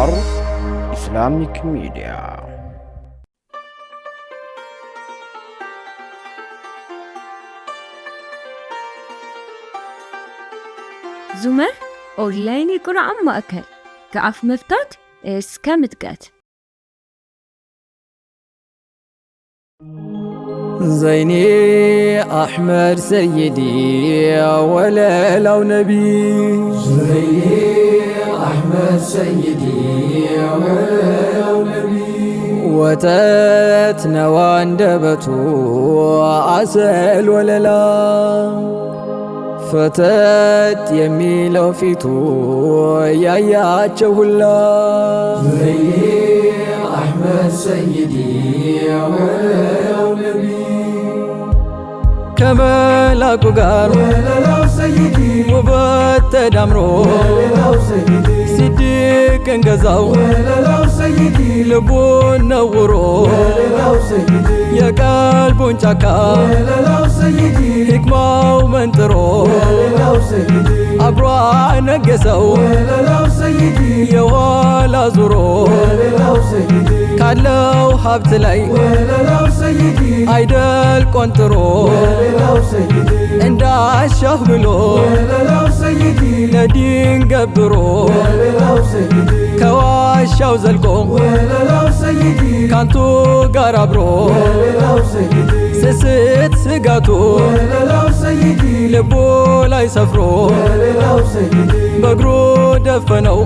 ዑመር ኢስላሚክ ሚዲያ ዙመር ኦንላይን የቁርአን ማዕከል ከአፍ መፍታት እስከ ምጥቀት زيني احمد سيدي ولا لو نبي زيني احمد سيدي ولا وتت نواندبتو عسل ولا لا فتت يميلو فيتو يا يا تشولا زيني احمد سيدي ولا نبي ከመላኩ ጋር ውበት ተዳምሮ ሲዲቅ እንገዛው ልቡን ነውሮ የቀልቡን ጫካ ሂክማው መንጥሮ አብሮ ነገሰው የኋላ ዙሮ ካለው ሀብት ላይ አይደል ቆንጥሮ እንዳሻህ ብሎ ለዲን ገብሮ ከዋሻው ዘልቆ ካንቱ ጋር አብሮ ስስት ስጋቱ ልቡ ላይ ሰፍሮ በእግሩ ደፈነው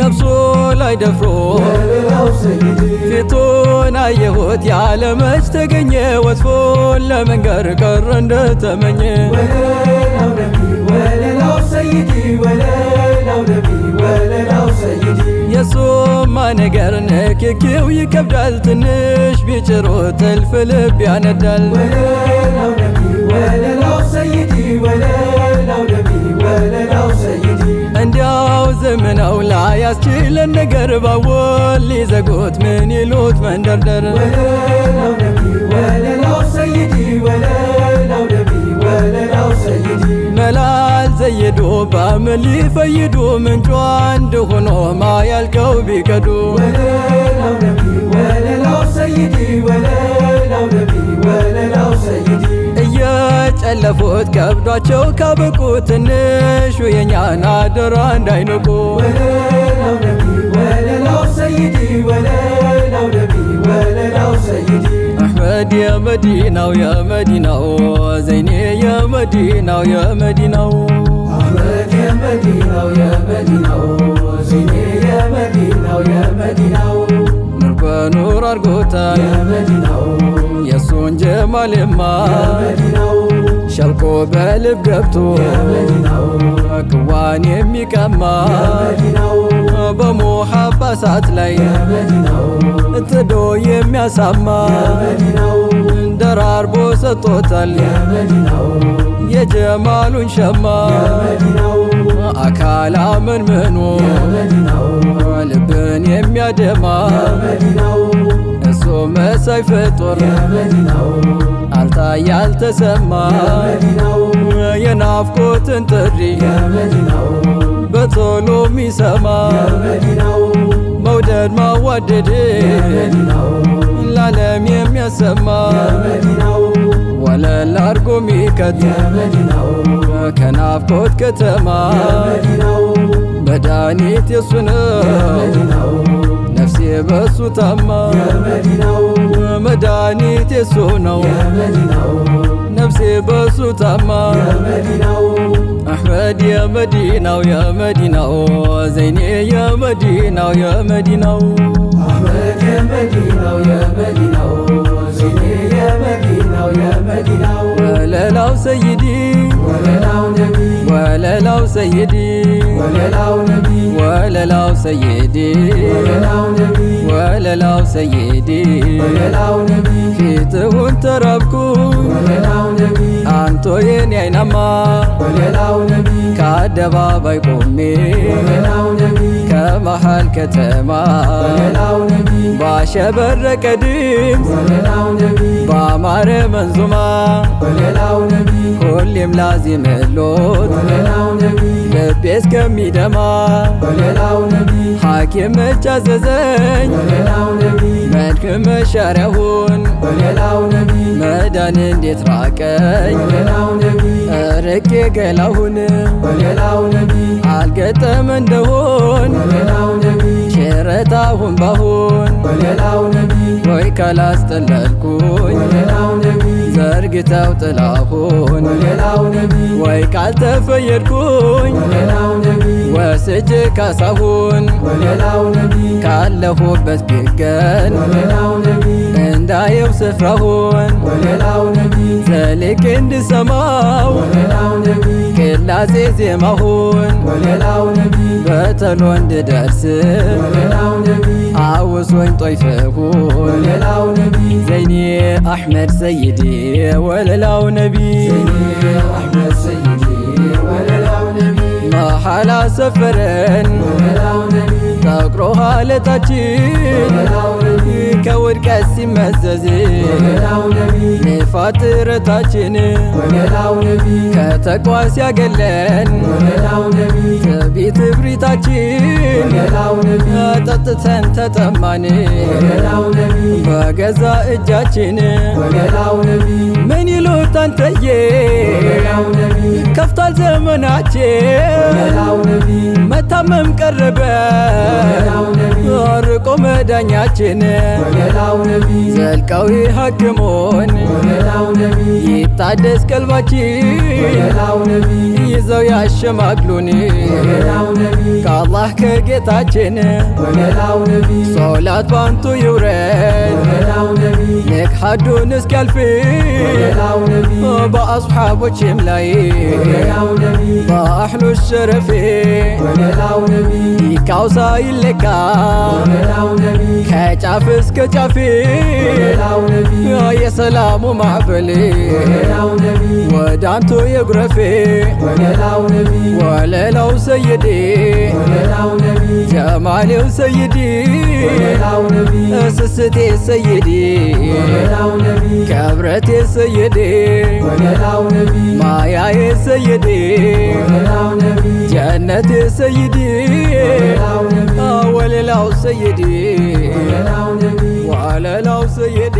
ነፍሱ ላይ ደፍሮ ፊቱን አየሁት ያለመች ተገኘ ወትፎን ለመንገር ቀረ እንደተመኘ የሱማ ነገር ንክኪው ይከብዳል ትንሽ ቢጭሮ ጥልፍ ልብ ያነዳል። እንዲያው ዘመናው ላይ ያስችለን ነገር ባወል ሊዘጎት ምን ይሉት መንደርደር መላ ሰይዱ ባምን ሊፈይዱ ምንጯ እንደሆኖ ማያልቀው ቢቀዱ እየጨለፉት ከብዷቸው ካበቁ ትንሹ የኛን አደራ እንዳይንቁ አሕመድ የመዲናው የመዲናው ዘይኔ የመዲናው የመዲናው አህመድ የመዲናው የመዲናው ዜኔ የመዲናው የመዲናው ኑር በኑር አድርጎታል። የመዲናው የእሱን ጀማልማ የመዲናው ሸብቆ በልብ ገብቶ የመዲናው ክዋን የሚቀማ የመዲናው በሙሐባ ሰዓት ላይ የመዲናው እትዶ የሚያሳማ የመዲናው ደራርቦ ሰጥቶታል የመዲናው የጀማሉን ሸማ አካላ ምን ምኖ ልብን የሚያደማ እሱ መሳይ ፍጡር አልታ ያልተሰማ የናፍቆትን ጥሪ በቶሎ ሚሰማ መውደድ ማዋደድ ለዓለም የሚያሰማ ቀለል አርጎ ሚከት ከናፍቆት ከተማ መድኃኒት የሱ ነው ነፍሴ በሱ ታማ መድኃኒት የሱ ነው ነፍሴ በሱ ታማ አሕመድ የመዲናው የመዲናው ዘይኔ የመዲናው የመዲናው ሰይድ ወለላው ሰይድ ወለላው ሰይድ ፊትውን ተረብኩ አንቶ የኔ አይናማ ከአደባባይ ቆሜ ከመሃል ከተማ ባሸበረቀ ድምፅ ባማረ መንዙማ ሁሌም ላዜምሎት ልቤ እስከሚደማ ሐኪም መች አዘዘኝ መድክም መሻሪያውን መዳን እንዴት ራቀኝ ርቄ ገላሁን አልገጠም እንደሆን ቸረታሁን ባሁን ወይ ካላስጠለልኩኝ ዘርግተው ጥላሁን ወይ ካልተፈየድኩኝ ወስጅ ካሳሁን ካለሁበት ቢገን እንዳየው ስፍራሁን ዘልቅ እንድሰማው ቅላጼ ዜማሁን በተሎ እንድደርስ عوزوين طيفهو وللاو نبي زيني أحمد سيدي وللاو نبي زيني أحمد سيدي وللاو نبي ما حلا سفرن وللاو نبي ፈቅሮ አለታችን ከውድቀት ሲመዘዝ ልፋት ጥረታችን ከተቋስ ያገለን ትዕቢት እብሪታችን ጠጥተን ተጠማን በገዛ እጃችን አንተዬ ከፍቷል ዘመናቼ መታመም ቀረበ ርቆ መዳኛችን ዘልቃዊ ሐኪሞን ታደስ ቀልማች ይዘው ያሸማግሉን ከአላህ ከጌታችን ሶላት ባንቱ ይውረድ ንግሐዱን እስኪያልፍ በአስሓቦችም ላይ በአሕሉ ሸረፌ ዲካውሳ ይለካ ከጫፍ እስከ ጫፍ የሰላሙ ማዕበል ወዳንቶ የጉረፌ ወለላው ሰይዴ ጀማሌው ሰይዴ እስስቴ ሰይዴ ከብረቴ ሰይዴ ማያዬ ሰይዴ ጀነቴ ሰይዴ ወለላው ሰይዴ ወለላው ሰይዴ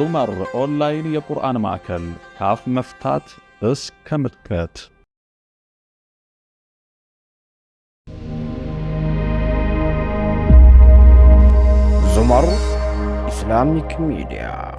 ዙመር ኦንላይን የቁርአን ማዕከል ከአፍ መፍታት እስከ ምልከት። ዙመር ኢስላሚክ ሚዲያ